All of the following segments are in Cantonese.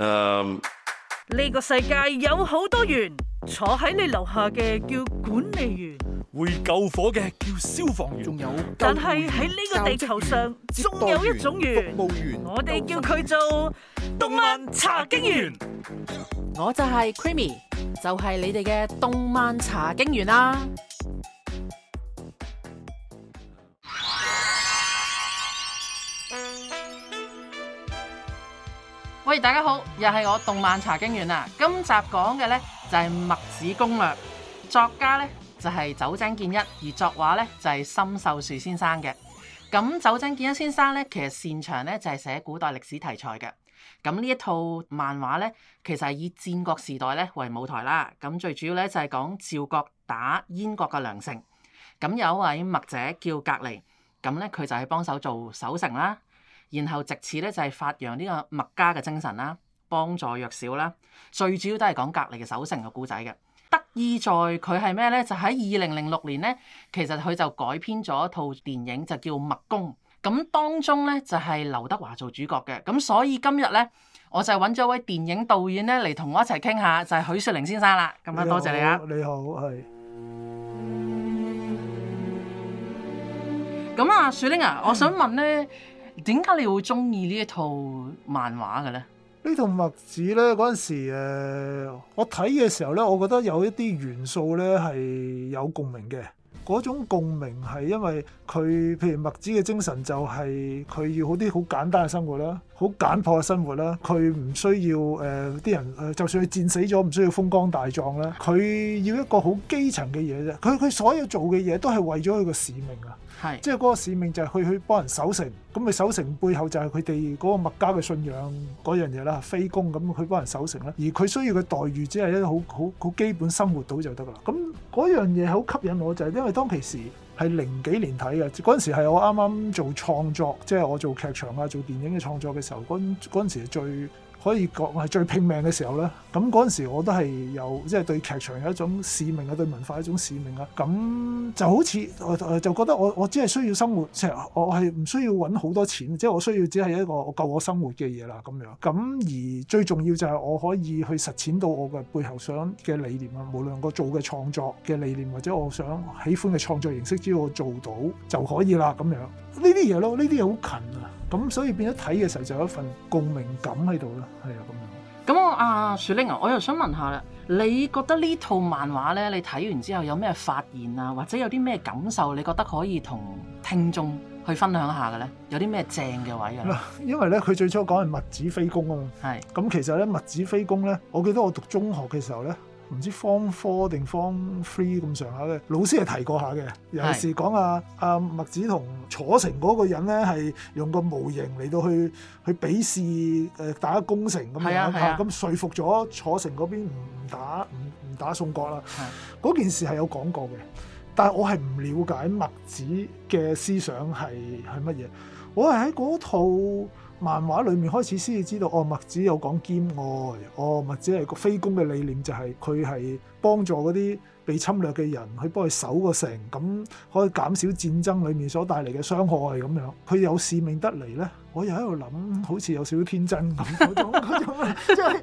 呢、um，個世界有好多員，坐喺你樓下嘅叫管理員，會救火嘅叫消防員，仲有但係喺呢個地球上，仲有一種員，服務員，我哋叫佢做動漫查經員，我就係 Creamy，就係你哋嘅動漫查經員啦。喂，大家好，又係我動漫查經員啦。今集講嘅呢就係墨子攻略，作家呢就係酒井健一，而作畫呢就係森秀樹先生嘅。咁酒井健一先生呢，其實擅長呢就係寫古代歷史題材嘅。咁呢一套漫畫呢，其實係以戰國時代呢為舞台啦。咁最主要呢就係講趙國打燕國嘅良城。咁有一位墨者叫格離，咁呢，佢就係幫手做守城啦。然後，直此咧就係發揚呢個墨家嘅精神啦，幫助弱小啦。最主要都係講隔離嘅守城嘅故仔嘅。得意在佢係咩咧？就喺二零零六年咧，其實佢就改編咗一套電影，就叫《墨攻》。咁當中咧就係劉德華做主角嘅。咁所以今日咧，我就揾咗一位電影導演咧嚟同我一齊傾下，就係、是、許樹寧先生啦。咁啊好，多謝你啊。你好，係。咁、嗯、啊，樹寧啊，我想問咧。點解你會中意呢一套漫畫嘅咧？呢套墨子咧嗰陣時，呃，我睇嘅時候咧，我覺得有一啲元素咧係有共鳴嘅。嗰種共鳴係因為佢譬如墨子嘅精神就係佢要好啲好簡單嘅生活啦。好簡樸嘅生活啦，佢唔需要誒啲人，就算佢戰死咗，唔需要風光大葬啦。佢要一個好基層嘅嘢啫。佢佢所有做嘅嘢都係為咗佢個使命啊。係，即係嗰個使命就係去去幫人守城。咁佢守城背後就係佢哋嗰個墨家嘅信仰嗰樣嘢啦，非攻，咁佢幫人守城啦。而佢需要嘅待遇只係一個好好好基本生活到就得噶啦。咁嗰樣嘢好吸引我就係因為當其時。係零幾年睇嘅，嗰陣時係我啱啱做創作，即係我做劇場啊、做電影嘅創作嘅時候，嗰嗰陣時係最。可以講我係最拼命嘅時候呢。咁嗰陣時我都係有即係、就是、對劇場有一種使命啊，對文化一種使命啊。咁就好似就覺得我我只係需要生活，其、就、實、是、我係唔需要揾好多錢，即、就、係、是、我需要只係一個我夠我生活嘅嘢啦咁樣。咁而最重要就係我可以去實踐到我嘅背後想嘅理念啊，無論我做嘅創作嘅理念或者我想喜歡嘅創作形式，只要我做到就可以啦咁樣。呢啲嘢咯，呢啲嘢好近啊！咁所以變咗睇嘅時候就有一份共鳴感喺度咯，係啊咁樣。咁我阿樹鈴啊，我又想問下啦，你覺得呢套漫畫咧，你睇完之後有咩發現啊，或者有啲咩感受，你覺得可以同聽眾去分享下嘅咧？有啲咩正嘅位啊？嗱是，因為咧佢最初講係墨子非攻啊嘛，係。咁其實咧墨子非攻咧，我記得我讀中學嘅時候咧。唔知 form four 定 form three 咁上下嘅，老師係提過下嘅，尤其是講阿阿墨子同楚成嗰個人咧，係用個模型嚟到去去比試。誒大家攻城咁樣咁、啊啊、說服咗楚成嗰邊唔打唔唔打宋國啦。嗰是件事係有講過嘅，但係我係唔了解墨子嘅思想係係乜嘢，我係喺嗰套。漫畫裏面開始先至知道哦，墨子有講兼愛，哦，墨子係個非攻嘅理念，就係，就係佢係幫助嗰啲被侵略嘅人去幫佢守個城，咁可以減少戰爭裏面所帶嚟嘅傷害咁樣。佢有使命得嚟呢。我又喺度諗，好似有少少天真咁嗰種，嗰種，種即係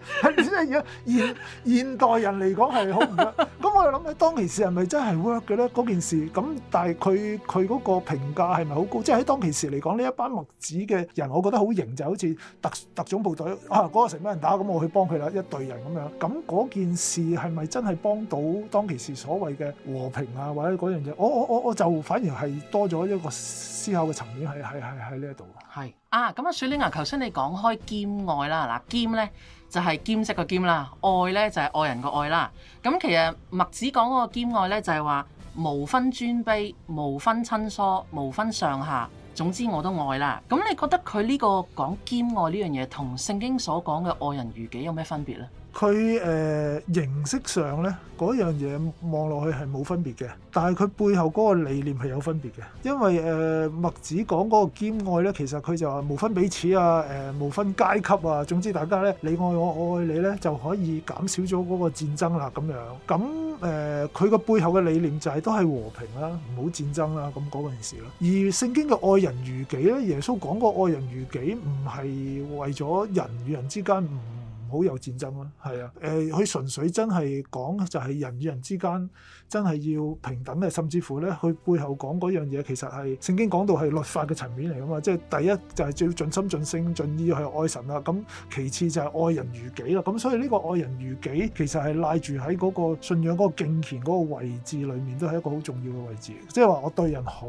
係點啊？現現代人嚟講係好唔得。咁我就諗起當其時係咪真係 work 嘅咧？嗰件事咁，但係佢佢嗰個評價係咪好高？即係喺當其時嚟講，呢一班墨子嘅人，我覺得好型，就好似特特種部隊啊！嗰、嗰個成班人打咁，我去幫佢啦，一隊人咁樣。咁嗰件事係咪真係幫到當其時所謂嘅和平啊？或者嗰樣嘢？我我我我就反而係多咗一個思考嘅層面，喺喺喺喺呢一度嘅。係。啊，咁啊，水玲啊，頭先你講開兼愛啦，嗱兼呢，就係、是、兼職個兼啦，愛呢，就係、是、愛人個愛啦。咁、嗯、其實墨子講嗰個兼愛呢，就係、是、話無分尊卑、無分親疏、無分上下，總之我都愛啦。咁、嗯、你覺得佢呢、這個講兼愛呢樣嘢，同聖經所講嘅愛人如己有咩分別呢？佢誒、呃、形式上呢，嗰樣嘢望落去係冇分別嘅，但係佢背後嗰個理念係有分別嘅。因為誒墨、呃、子講嗰個兼愛呢，其實佢就話無分彼此啊，誒、呃、無分階級啊，總之大家呢，你愛我，我愛你呢，就可以減少咗嗰個戰爭啦咁樣。咁誒佢個背後嘅理念就係、是、都係和平啦，唔好戰爭啦，咁嗰陣時啦。而聖經嘅愛人如己呢，耶穌講過愛人如己唔係為咗人與人之間唔好有戰爭咯，係啊，誒佢純粹真係講就係人與人之間真係要平等嘅，甚至乎呢，佢背後講嗰樣嘢其實係聖經講到係律法嘅層面嚟噶嘛，即係第一就係最要盡心盡性盡意去愛神啦，咁其次就係愛人如己啦，咁所以呢個愛人如己其實係賴住喺嗰個信仰嗰個敬虔嗰個位置裏面，都係一個好重要嘅位置，即係話我對人好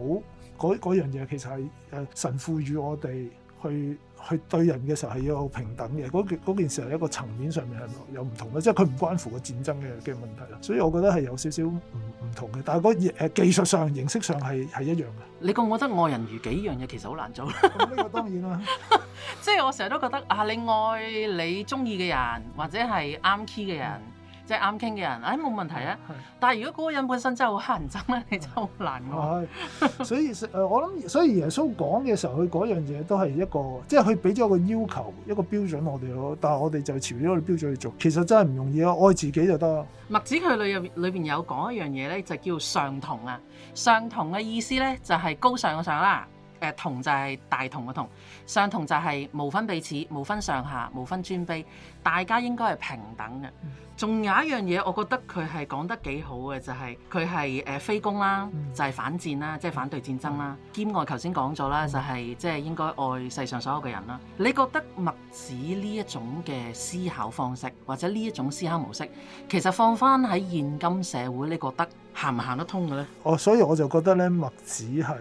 嗰樣嘢其實係誒神賦予我哋去。佢對人嘅時候係要平等嘅，嗰件件事係一個層面上面係有唔同嘅，即係佢唔關乎個戰爭嘅嘅問題啦。所以我覺得係有少少唔唔同嘅，但係嗰技術上、形式上係係一樣嘅。你覺唔覺得愛人如己呢樣嘢其實好難做咧？呢 個當然啦， 即係我成日都覺得啊，你愛你中意嘅人或者係啱 key 嘅人。即係啱傾嘅人，哎冇問題啊！的但係如果嗰個人本身真係好乞人憎咧，的你真係好難講。所以誒，我諗，所以耶穌講嘅時候，佢嗰樣嘢都係一個，即係佢俾咗一個要求，一個標準我哋咯。但係我哋就朝呢嗰個標準去做，其實真係唔容易咯。愛自己就得啦。墨子佢裏入裏邊有講一樣嘢咧，就叫上同啊。「上同」嘅意思咧，就係高尚嘅上啦。誒同就係大同嘅同，尚同就係無分彼此、無分上下、無分尊卑，大家應該係平等嘅。仲、嗯、有一樣嘢，我覺得佢係講得幾好嘅，就係佢係誒非攻啦，嗯、就係反戰啦，即、就、係、係、反對戰爭啦。嗯、兼愛，頭先講咗啦，就係即係應該愛世上所有嘅人啦。你覺得墨子呢一種嘅思考方式，或者呢一種思考模式，其實放翻喺現今社會，你覺得行唔行得通嘅咧？哦，所以我就覺得咧，墨子係，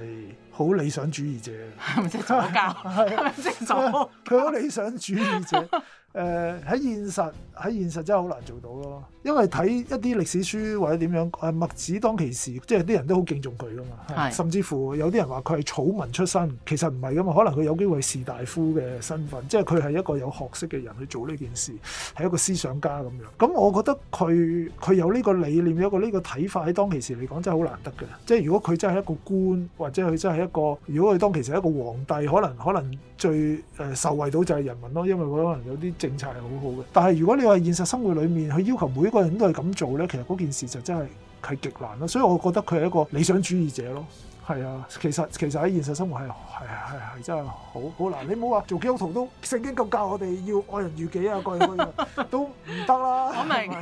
好理想主義者，係咪左教？係咪左，佢好 理想主義者。 誒喺、呃、現實喺現實真係好難做到咯，因為睇一啲歷史書或者點樣，誒、啊、墨子當其時，即係啲人都好敬重佢噶嘛。是甚至乎有啲人話佢係草民出身，其實唔係噶嘛，可能佢有機會士大夫嘅身份，即係佢係一個有學識嘅人去做呢件事，係一個思想家咁樣。咁、嗯、我覺得佢佢有呢個理念，有個呢個睇法喺當其時嚟講真係好難得嘅。即係如果佢真係一個官，或者佢真係一個，如果佢當其時係一個皇帝，可能可能最誒、呃、受惠到就係人民咯，因為佢可能有啲。政策係好好嘅，但係如果你話現實生活裡面，佢要求每個人都係咁做咧，其實嗰件事就真係係極難咯。所以我覺得佢係一個理想主義者咯。係啊，其實其實喺現實生活係係係係真係好好難。你唔好話做基督徒都聖經咁教我哋要愛人如己啊，各樣嗰樣都唔得啦。我明，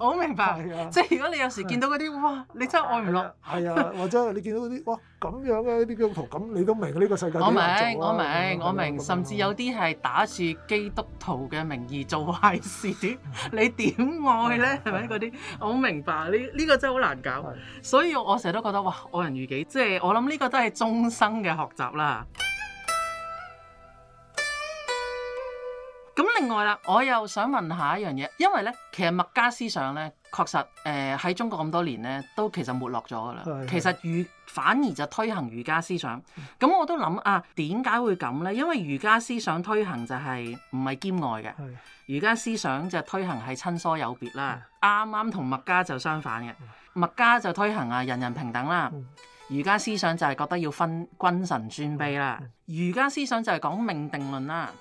我好明白。即係如果你有時見到嗰啲哇，你真係愛唔落。係啊，或者你見到啲哇咁樣嘅啲基督徒，咁你都明呢個世界。我明，我明，我明。甚至有啲係打住基督徒嘅名義做壞事，你點愛咧？係咪嗰啲？我明白呢呢個真係好難搞。所以我成日都覺得哇，愛人如己即係。我諗呢個都係終生嘅學習啦。咁另外啦，我又想問下一樣嘢，因為呢，其實墨家思想咧，確實誒喺、呃、中國咁多年呢都其實沒落咗噶啦。是是是，其實儒反而就推行儒家思想。咁是是 我都諗啊，點解會咁呢？因為儒家思想推行就係唔係兼愛嘅，儒家是是 思想就推行係親疏有別啦。啱啱同墨家就相反嘅，墨的、嗯、家就推行啊，人人平等啦。嗯嗯儒家思想就係覺得要分君臣尊卑啦，儒家思想就係講命定論啦，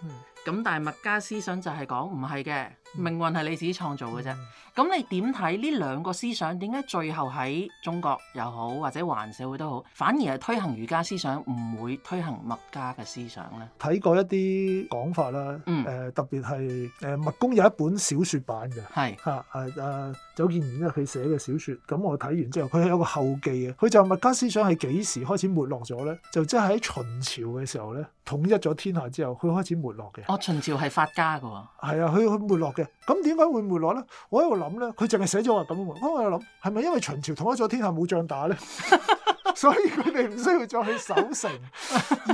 咁但係墨家思想就係講唔係嘅。命運係你自己創造嘅啫。咁、嗯、你點睇呢兩個思想？點解最後喺中國又好，或者華人社會都好，反而係推行儒家思想，唔會推行墨家嘅思想咧？睇過一啲講法啦，誒、嗯呃，特別係誒，墨、呃、攻有一本小說版嘅，係吓誒誒，酒見賢一咧佢寫嘅小說。咁我睇完之後，佢係有個後記嘅，佢就話墨家思想係幾時開始沒落咗咧？就即係喺秦朝嘅時候咧，統一咗天下之後，佢開始沒落嘅。哦，秦朝係法家噶，係啊，佢佢沒落，落。咁點解會沒落咧？我喺度諗咧，佢淨係寫咗話咁喎。咁我諗係咪因為秦朝統一咗天下冇仗打咧， 所以佢哋唔需要再去守城，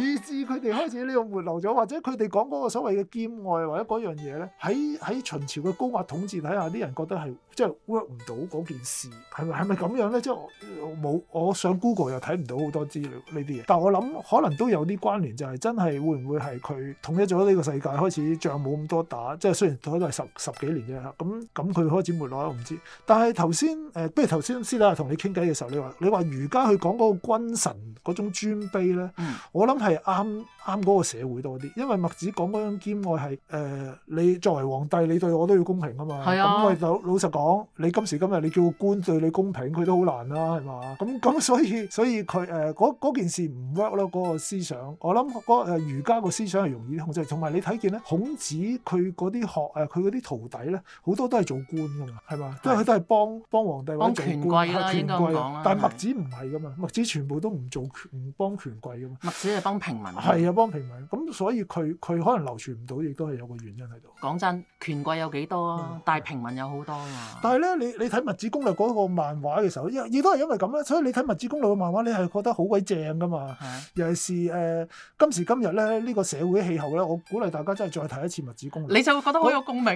以致佢哋開始呢個沒落咗，或者佢哋講嗰個所謂嘅兼愛或者嗰樣嘢咧，喺喺秦朝嘅高壓統治底下，啲人覺得係。即係 work 唔到嗰件事，係咪係咪咁樣咧？即係我冇，我上 Google 又睇唔到好多資料呢啲嘢。但係我諗可能都有啲關聯，就係、是、真係會唔會係佢統一咗呢個世界開始仗冇咁多打？即係雖然都係十十幾年啫，咁咁佢開始沒落，我唔知。但係頭先誒，不如頭先師奶同你傾偈嘅時候，你話你話儒家去講嗰個君臣嗰種尊卑咧，嗯、我諗係啱啱嗰個社會多啲，因為墨子講嗰種兼愛係誒、呃，你作為皇帝，你對我都要公平啊嘛。係啊，咁我老老實講。講你今時今日你叫官對你公平，啊，佢都好難啦，係嘛？咁咁所以所以佢誒嗰件事唔 work 咯，嗰、嗰個思想我諗嗰儒家個思想係容易控制，同埋你睇見咧，孔子佢嗰啲學誒佢嗰啲徒弟咧，好多都係做官噶嘛，係嘛？是都係都係幫幫皇帝揾權，啊、權貴應該咁講啦。但，墨子唔係噶嘛，墨子全部都唔做唔幫權貴噶嘛。墨子係幫平民。係啊，幫平民。咁所以佢佢可能流傳唔到，亦都係有個原因喺度。講真，權貴有幾多啊？但係平民有好多啊。但係咧，你你睇《物子攻略》嗰個漫畫嘅時候，亦亦都係因為咁啦，所以你睇《物子攻略》嘅漫畫，你係覺得好鬼正噶嘛？嗯、尤其是誒、呃、今時今日咧，呢、這個社會氣候咧，我鼓勵大家真係再睇一次《物子攻略》，你就會覺得好有共鳴。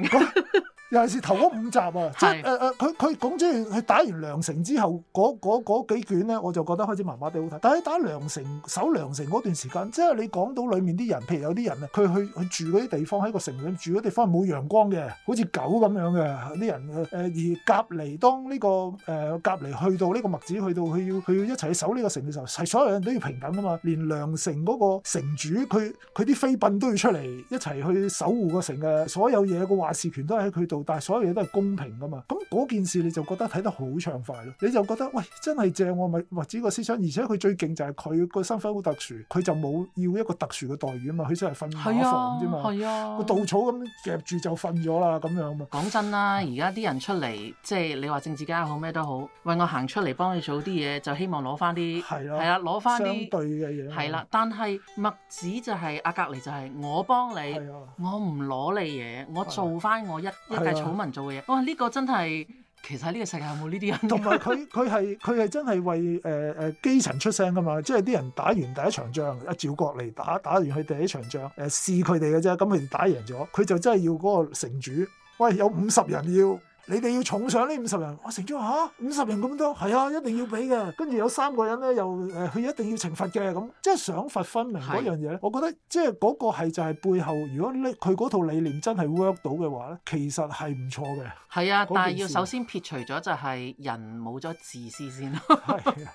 尤其是頭嗰五集啊，的即係誒誒，佢、呃、佢講即佢打完梁城之後，嗰幾卷咧，我就覺得開始麻麻地好睇。但係打梁城守梁城嗰段時間，即係你講到裡面啲人，譬如有啲人啊，佢去去住嗰啲地方喺個城裏面住啲地方係冇陽光嘅，好似狗咁樣嘅啲人誒、呃。而隔離當呢、這個誒、呃、隔離去到呢個墨子去到，佢要佢要一齊去守呢個城嘅時候，係所有人都要平等啊嘛。連梁城嗰個城主，佢佢啲妃嬪都要出嚟一齊去守護個城嘅，所有嘢個話事權都喺佢度。但係所有嘢都係公平㗎嘛？咁、嗯、嗰件事你就覺得睇得好暢快咯，你就覺得喂真係正我咪或者個思想，而且佢最勁就係佢個身份好特殊，佢就冇要一個特殊嘅待遇啊嘛，佢真係瞓房啫、啊啊、嘛，個稻草咁夾住就瞓咗啦咁樣啊嘛。講真啦，而家啲人出嚟即係你話政治家好咩都好，喂我行出嚟幫你做啲嘢，就希望攞翻啲係咯，係啊，攞翻啲對嘅嘢、啊。係啦、啊，但係墨子就係阿隔籬就係、是、我幫你，啊、我唔攞你嘢，我做翻我一。係草民做嘅嘢，哇！呢、這個真係，其實喺呢個世界有冇呢啲人？同埋佢佢係佢係真係為誒誒、呃呃、基層出聲㗎嘛？即係啲人打完第一場仗，一趙國嚟，打打完佢第一場仗，誒試佢哋嘅啫。咁佢哋打贏咗，佢就真係要嗰個城主，喂有五十人要。你哋要重賞呢五十人，我、啊、成咗吓，五、啊、十人咁多，係啊，一定要俾嘅。跟住有三個人咧，又誒，佢、呃、一定要懲罰嘅咁，即係賞罰分明嗰樣嘢咧。啊、我覺得即係嗰個係就係背後，如果你佢嗰套理念真係 work 到嘅話咧，其實係唔錯嘅。係啊，但係要首先撇除咗就係人冇咗自私先咯。係 啊，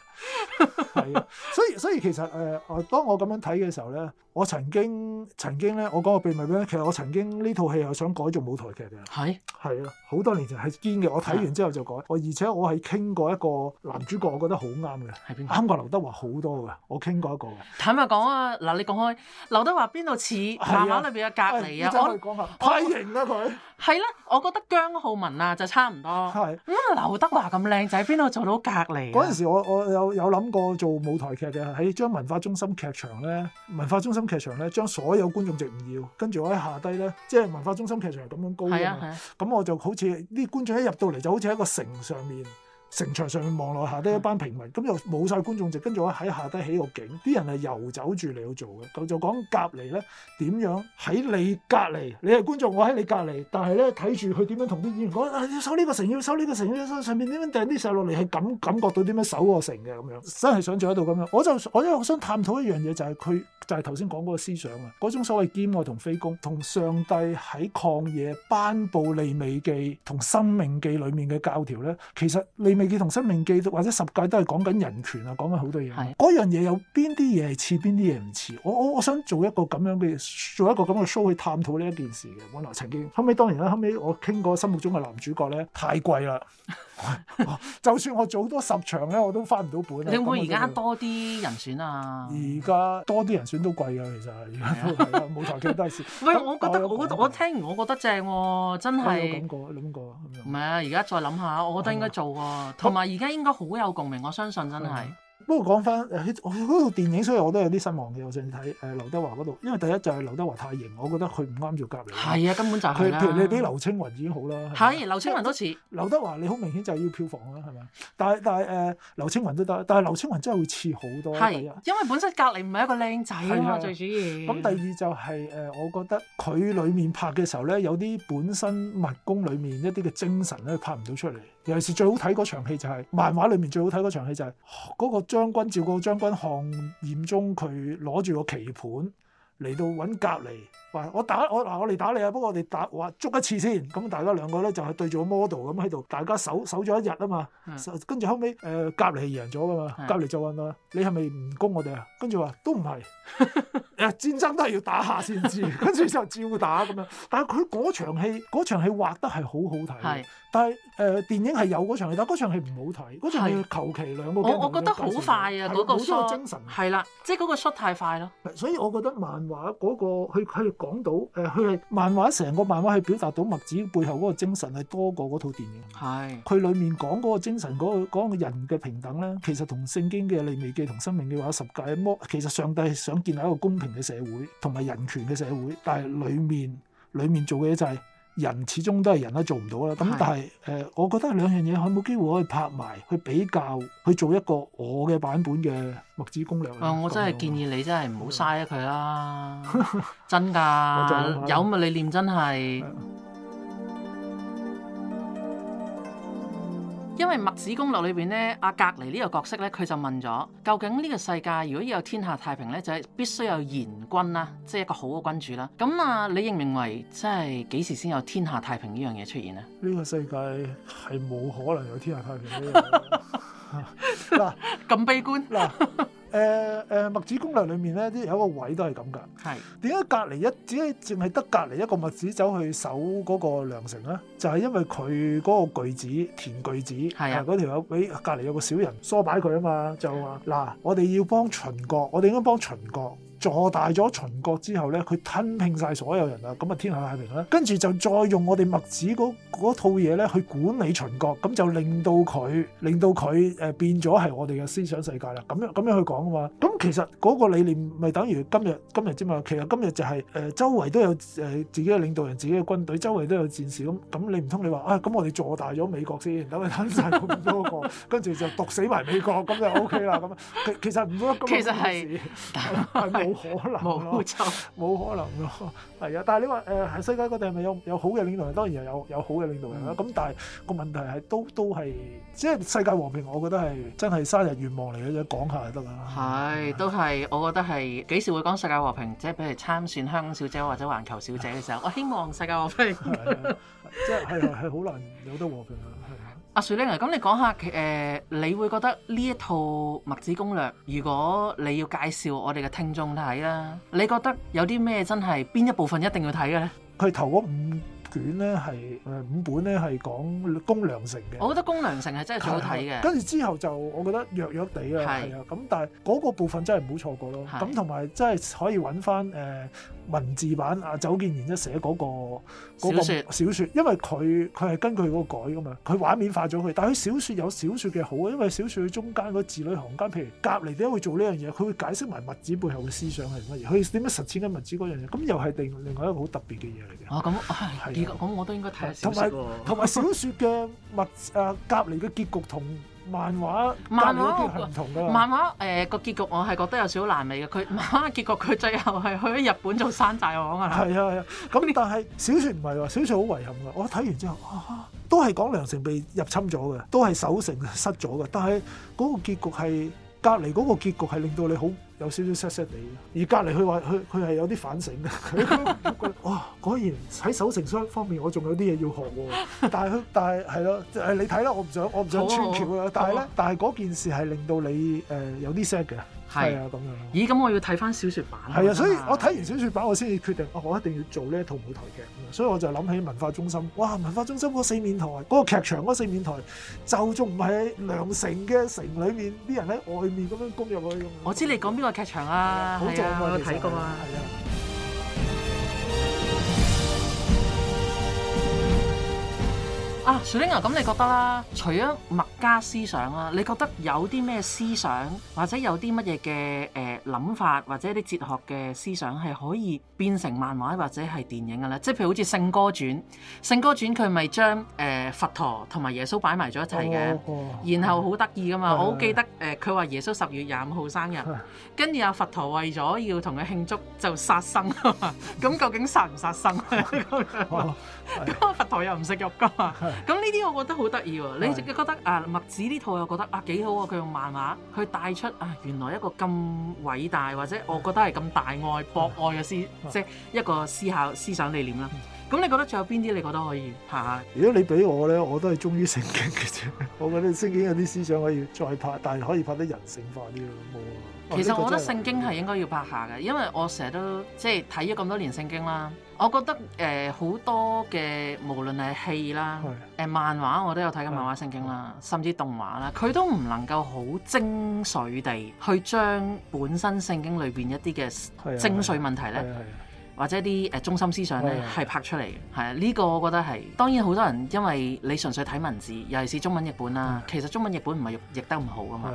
係啊，所以所以其實誒，我、呃、當我咁樣睇嘅時候咧。我曾經曾經咧，我講個秘密俾你。其實我曾經呢套戲係想改做舞台劇嘅，係係啊，好多年前係堅嘅。我睇完之後就改。我而且我係傾過一個男主角，我覺得好啱嘅，係邊個？香港劉德華好多嘅。我傾過一個。坦白講啊，嗱你講開劉德華邊度似漫畫裏邊嘅隔離啊？下我，我太型啦佢。係啦，我覺得姜皓文啊就差唔多。係咁啊，劉德華咁靚仔邊度做到隔離？嗰陣時我我有有諗過做舞台劇嘅喺將文化中心劇場咧，文化中心。劇場咧，將所有觀眾席唔要，跟住我喺下低咧，即係文化中心劇場係咁樣高嘅嘛，咁、啊啊、我就好似啲觀眾一入到嚟，就好似喺個城上面。城牆上面望落下底一班平民，咁又冇晒觀眾席。跟住我喺下底起個景，啲人係遊走住嚟去做嘅。就就講隔離咧，點樣喺你隔離，你係觀眾，我喺你隔離，但係咧睇住佢點樣同啲演員講，要守呢個城，要守呢個城，要上面點樣掟啲石落嚟，係感感覺到點樣守個城嘅咁樣，真係想像喺度咁樣。我就我咧想探討一樣嘢，就係、是、佢就係頭先講嗰個思想啊，嗰種所謂兼愛同非攻，同上帝喺曠野、頒布利未記同申命記裡面嘅教條咧，其實《記同生命記》或者十誡都係講緊人權啊，講緊好多嘢。嗰的樣嘢有邊啲嘢係似，邊啲嘢唔似？我我我想做一個咁樣嘅，做一個咁嘅 show 去探討呢一件事嘅。温拿曾經後尾當然啦，後尾我傾過心目中嘅男主角咧，太貴啦。 就算我做多十場咧，我都翻唔到本了。你會唔會而家多啲人選啊？而家多啲人選都貴嘅，其實而家都冇、 啊、舞台劇都係蝕。 喂，我覺得我我聽完我覺得正喎，真係。諗過諗過。唔係啊，而家再諗下，我覺得應該做喎，同埋而家應該好有共鳴，我相信真係。不過講翻誒，嗰套電影，所以我都有啲失望嘅。我上次睇誒劉德華嗰度，因為第一就係劉德華太型，我覺得佢唔啱做隔離。係啊，根本就係啦。佢譬如你俾劉青雲已經好啦。嚇！劉青雲都似。劉德華你好明顯就係要票房啦，係咪？但係但係誒，劉青雲都得，但係劉青雲真係會似好多。係、啊，因為本身隔離唔係一個靚仔啊嘛，啊最主要。咁第二就係、是、誒、呃，我覺得佢裡面拍嘅時候咧，有啲本身墨攻裡面一啲嘅精神咧，拍唔到出嚟。尤其是最好睇嗰場戲就係、是、漫畫裏面最好睇嗰場戲就係、是、嗰、那個將軍照顧將軍項燕忠，佢攞住個棋盤嚟到揾隔離。我打我嗱，我嚟打你啊！不過我哋打話捉一次先，咁大家兩個咧就係對住 model 咁喺度，大家守守咗一日啊嘛。是跟住後尾誒、呃、隔離贏咗噶嘛，隔離就運啊！你係咪唔攻我哋啊？跟住話都唔係，誒 戰爭都係要打下先知。 跟住就照打咁樣。但係佢嗰場戲，嗰場戲畫得係好好睇，是但係誒、呃、電影係有嗰場戲，但嗰場戲唔好睇。嗰是場戲求其兩個我我覺得好快啊！嗰個，個精神係啦，即係嗰個 shot 太快咯。所以我覺得漫畫嗰、那個佢佢。講到誒，佢係漫畫，成個漫畫係表達到墨子背後嗰個精神係多過嗰套電影。係佢裏面講嗰個精神，嗰個嗰個人嘅平等咧，其實同聖經嘅利未記同申命嘅話十誡，其實上帝係想建立一個公平嘅社會，同埋人權嘅社會。但係裏面裏面做嘅嘢就係。人始終都係人都做唔到啦。咁但係，誒是，我覺得兩樣嘢，佢冇機會可以拍埋，去比較，去做一個我嘅版本嘅墨子攻略。誒，我真係建議你真係唔好嘥咗佢啦， 真㗎的， 有咪理念真係。 因為墨子攻略裏邊咧，阿、啊、隔籬呢個角色咧，佢就問咗：究竟呢個世界如果要有天下太平咧，就係必須有賢君啦，即係一個好嘅君主啦。咁啊，你認唔認為即係幾時先有天下太平呢樣嘢出現咧？就是、個呢個世界係冇可能有天下太平呢樣嘢。嗱、 啊，咁 悲觀。 誒誒墨子攻略裏面咧，啲有一個位都係咁㗎。係點解隔離一隻淨係得隔離一個墨子走去守嗰個梁城咧？就係、是、因為佢嗰個句子填句子，係的啊嗰條友俾隔離有個小人梳擺佢啊嘛，就話嗱的、啊，我哋要幫秦國，我哋應該幫秦國。做大咗秦國之後咧，佢吞併曬所有人啦，咁啊天下太平啦，跟住就再用我哋墨子嗰嗰套嘢咧去管理秦國，咁就令到佢，令到佢誒變咗係我哋嘅思想世界啦。咁樣咁樣去講啊嘛，咁其實嗰個理念咪等於今日今日啫嘛，其實今日就係誒周圍都有誒自己嘅領導人、自己嘅軍隊，周圍都有戰士咁。咁你唔通你話啊？咁我哋做大咗美國先，等佢吞曬咁多個，跟住就毒死埋美國，咁就 OK 啦咁啊？其其實唔得咁樣講事。其實係係冇。冇可能咯，冇可能咯，係啊！但係你話誒、呃，世界各地係咪有有好嘅領導人？當然又有有好嘅領導人啦。咁、嗯、但係個問題係都都係，即係世界和平，我覺得係真係生日願望嚟嘅，講下就得啦。係，都係，我覺得係幾時會講世界和平？即係譬如參選香港小姐或者環球小姐嘅時候，我希望世界和平，即係係係好難有得和平啊！阿樹寧啊，咁你講下，其誒你會覺得呢一套墨子攻略，如果你要介紹我哋嘅聽眾睇啦，你覺得有啲咩真係邊一部分一定要睇嘅咧？佢頭嗰五。卷咧係誒五本咧係講公良城嘅，我覺得公良城係真係好睇嘅。跟住之後就我覺得弱弱地啊，係啊，咁但係嗰個部分真係唔好錯過咯。咁同埋真係可以揾翻誒文字版阿、啊啊、酒見賢一寫嗰、那個那個小説，因為佢佢係根據嗰個改噶嘛，佢畫面化咗佢，但係小説有小説嘅好，因為小説中間嗰字裏行間，譬如隔離點解會做呢樣嘢，佢會解釋埋墨子背後嘅思想係乜嘢，佢點樣實踐緊墨子嗰樣嘢，咁又係另另外一個好特別嘅嘢嚟嘅。哦、啊，咁、啊、係、啊啊咁我都應該睇下小説同埋小説嘅物誒、啊、隔離嘅結局同漫畫漫畫係唔同㗎、呃。漫畫誒個結局我係覺得有少少難為嘅。佢漫畫結局佢最後係去咗日本做山寨王㗎啦。係啊係啊。咁、啊、但係小説唔係喎，小説好遺憾㗎。我睇完之後，啊、都係講梁城被入侵咗嘅，都係守城失咗嘅。但係嗰個結局係。隔離嗰個結局係令到你好有少少 sad sad 地嘅，而隔離佢話佢佢係有啲反省嘅。哇、 哦，果然喺守城商方面我仲有啲嘢要學喎。 但係佢但係係咯，誒你睇啦，我唔想我唔想穿橋啦。好好但係咧，好好但係嗰件事係令到你誒、呃、有啲 sad 嘅。係啊，咁樣、啊、咦，咁我要睇翻小説版。係啊，所以我睇完小説版，我先至決定，哦，我一定要做呢一套舞台劇。所以我就諗起文化中心，哇！文化中心嗰四面台，嗰、嗰個劇場嗰四面台，就仲唔係梁城嘅城裡面啲人喺外面咁樣攻入去，咁我知你講邊個劇場啊？好在我有睇過啊。啊，小玲啊，咁你覺得啦？除咗墨家思想啦，你覺得有啲咩思想或者有啲乜嘢嘅誒諗法或者啲哲學嘅思想係可以變成漫畫或者係電影嘅咧？即係譬如好似《聖哥傳》，《聖哥傳》佢咪將誒佛陀同埋耶穌擺埋咗一齊嘅，然後好得意噶嘛！我好記得誒，佢話耶穌十月廿五號生日，跟住阿佛陀為咗要同佢慶祝就殺生啊嘛！咁究竟殺唔殺生啊？咁佛陀又唔食肉噶嘛？咁呢啲我覺得好得意喎，的你亦都覺得啊，墨子呢套又覺得啊幾好喎、啊，佢用漫畫去帶出啊，原來一個咁偉大，或者我覺得係咁大愛博愛嘅思，即係的一個思考思想理念啦。咁的你覺得仲有邊啲你覺得可以拍？如果你俾我咧，我都係忠於聖經嘅啫。 我覺得聖經有啲思想可以再拍，但係可以拍啲人性化啲咯，冇啊。其實我覺得聖經係應該要拍下嘅，因為我成日都即係睇咗咁多年聖經啦。我覺得誒好、呃、多嘅無論係戲啦、誒的漫畫，我都有睇緊漫畫聖經啦，的甚至動畫啦，佢都唔能夠好精髓地去將本身聖經裏邊一啲嘅精髓問題咧，或者啲誒中心思想咧，係的拍出嚟嘅。係啊，呢、這個我覺得係。當然好多人因為你純粹睇文字，尤其是中文譯本啦，的其實中文譯本唔係譯得唔好㗎嘛。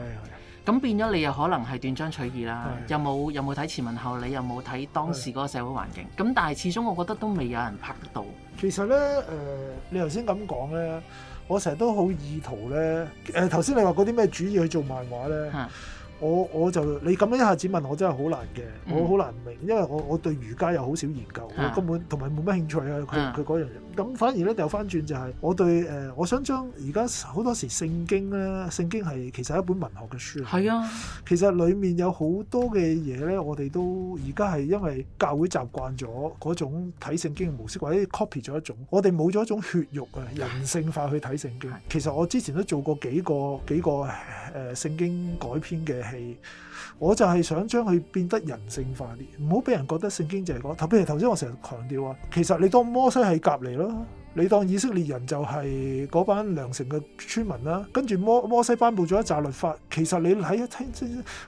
咁變咗，你又可能係斷章取義啦。的有冇有冇睇前文後理？有冇睇當時嗰個社會環境？咁的但係始終我覺得都未有人拍得到。其實咧，誒、呃，你頭先咁講咧，我成日都好意圖咧。誒、呃，頭先你話嗰啲咩主意去做漫畫咧的？我我就你咁樣一下子問我，真係好難嘅。我好難明，嗯、因為我我對儒家又好少研究，的根本同埋冇乜興趣啊。佢佢嗰樣嘢。的咁反而咧掉翻轉就係，我對誒、呃，我想將而家好多時聖經咧，聖經係其實係一本文學嘅書。係啊，其實裏面有好多嘅嘢，咧，我哋都而家係因為教會習慣咗嗰種睇聖經嘅模式，或者 copy 咗一種，我哋冇咗一種血肉啊，人性化去睇聖經。其實我之前都做過幾個幾個誒、呃、聖經改編嘅戲。我就係想將佢變得人性化啲，唔好俾人覺得聖經就係講，譬如係頭先我成日強調啊，其實你當摩西係隔離咯。你當以色列人就係嗰班良城嘅村民啦、啊，跟住摩摩西頒布咗一紮律法，其實你睇一睇，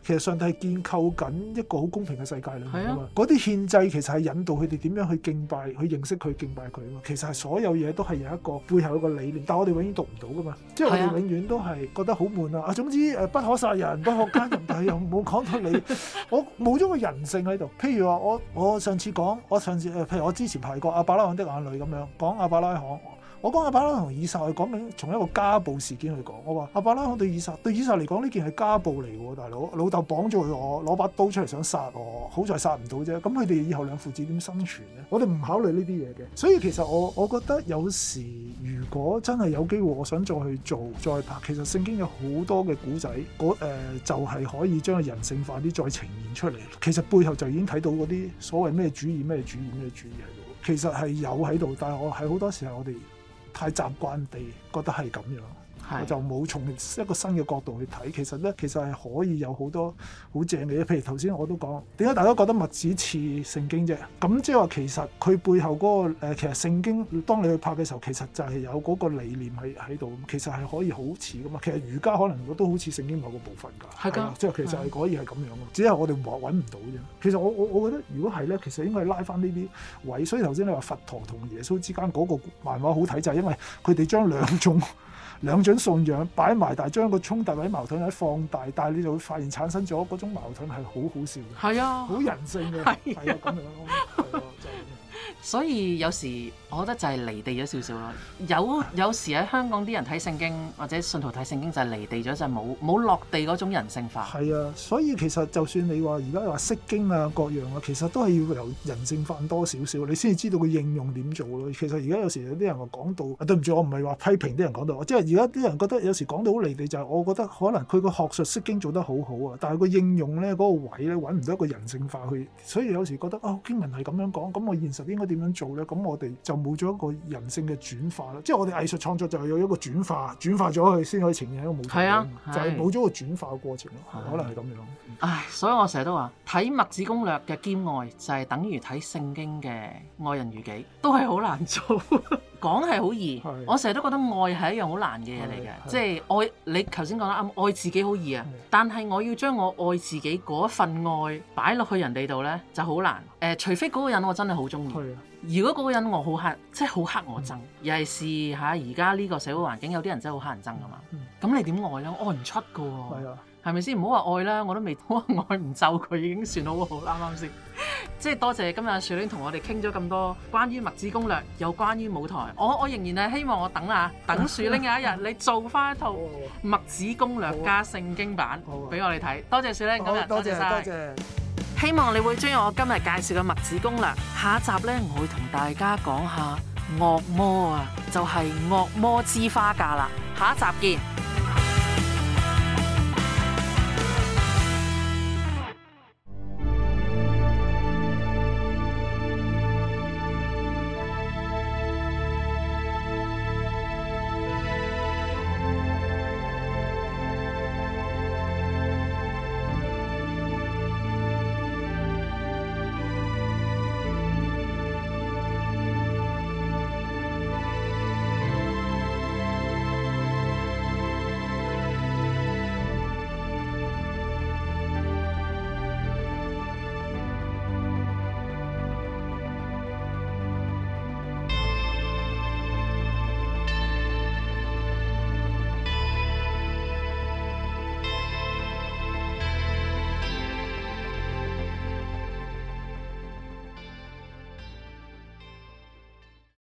其實上帝係建構緊一個好公平嘅世界裏面㗎嘛。係啊，嗰啲憲制其實係引導佢哋點樣去敬拜，去認識佢敬拜佢。其實係所有嘢都係有一個背後一個理念，但係我哋永遠讀唔到噶嘛，啊、即係我哋永遠都係覺得好悶啊！啊，總之誒不可殺人，不可奸人。但係 又冇講到你，我冇咗個人性喺度。譬如話我我上次講，我上次誒，譬如我之前排過阿伯拉罕的眼淚咁樣講阿伯拉罕。啊、我我講阿巴拉同以撒，係講緊從一個家暴事件去講。我話阿巴拉對以撒，對以撒嚟講呢件係家暴嚟嘅，大佬老豆綁咗佢，我，攞把刀出嚟想殺我，好在殺唔到啫。咁佢哋以後兩父子點生存咧？我哋唔考慮呢啲嘢嘅。所以其實我我覺得有時如果真係有機會，我想再去做再拍，其實聖經有好多嘅古仔，誒、呃、就係、是，可以將人性化啲再呈現出嚟。其實背後就已經睇到嗰啲所謂咩主義、咩主義、咩主義。其實係有喺度，但係我係好多時候我哋太習慣地覺得係咁樣。我就冇從一個新嘅角度去睇，其實咧，其實係可以有好多好正嘅。譬如頭先我都講，點解大家覺得墨子似聖經啫？咁即係話其實佢背後嗰個誒，其實聖經當你去拍嘅時候，其實就係有嗰個理念喺喺度。其實係可以好似噶嘛。其實儒家可能都好似聖經某個部分㗎。係㗎的，的即係其實係的可以係咁樣嘅，只係我哋揾揾唔到啫。其實我我我覺得如果係咧，其實應該係拉翻呢啲位。所以頭先你話佛陀同耶穌之間嗰個漫畫好睇，就係因為佢哋將兩種。兩種信仰擺埋，大係將個衝突或者矛盾喺放大，但係你就會發現產生咗嗰種矛盾係好好笑嘅，係是啊，好 人性嘅，係是啊，噉樣咯，所以有時。我覺得就係離地咗少少咯。有有時喺香港啲人睇聖經或者信徒睇聖經就係離地咗，就冇、是、冇落地嗰種人性化。係啊，所以其實就算你話而家話釋經啊各樣啊，其實都係要由人性化多少少，你先至知道個應用點做咯。其實而家有時有啲人話講到，對唔住我唔係話批評啲人講到，即係而家啲人覺得有時講到好離地，就係我覺得可能佢個學術釋經做得好好啊，但係個應用咧嗰、嗰個位咧揾唔到一個人性化去，所以有時覺得哦，經文係咁樣講，咁我現實應該點樣做咧？咁我哋就冇咗一個人性嘅轉化啦，即係我哋藝術創作就係有一個轉化，轉化咗佢先可以呈現一個冇。係啊，就係冇咗個轉化嘅過程咯，是可能係咁樣。唉，所以我成日都話，睇《墨子攻略》嘅兼愛就係、是、等於睇《聖經》嘅愛人如己，都係好難做。講係好易，是我成日都覺得愛係一樣好難嘅嘢嚟嘅，即係愛你頭先講得啱，愛自己好易啊，是但係我要將我愛自己嗰份愛擺落去人哋度呢，就好難。誒、呃，除非嗰個人我真係好中意。是如果嗰個人我好黑，即係好黑我憎，又係試下。而家呢個社會環境，有啲人真係好黑人憎噶嘛。咁、嗯、你點愛咧？我啊、係係愛唔出噶喎，係咪先？唔好話愛啦，我都未，我 愛唔就佢已經算好好啦。啱啱先？ 即係多謝，謝今日樹寧同我哋傾咗咁多關於《墨子攻略》，有關於舞台，我我仍然係希望我等啦等樹寧有一日你做翻一套《墨子攻略》加聖經版俾 好我哋睇。多謝樹寧，今日多謝多謝。希望你會中意我今日介紹嘅《墨子攻略》。下一集呢，我會同大家講下惡魔啊，就係、是、惡魔之花嫁啦，下一集見。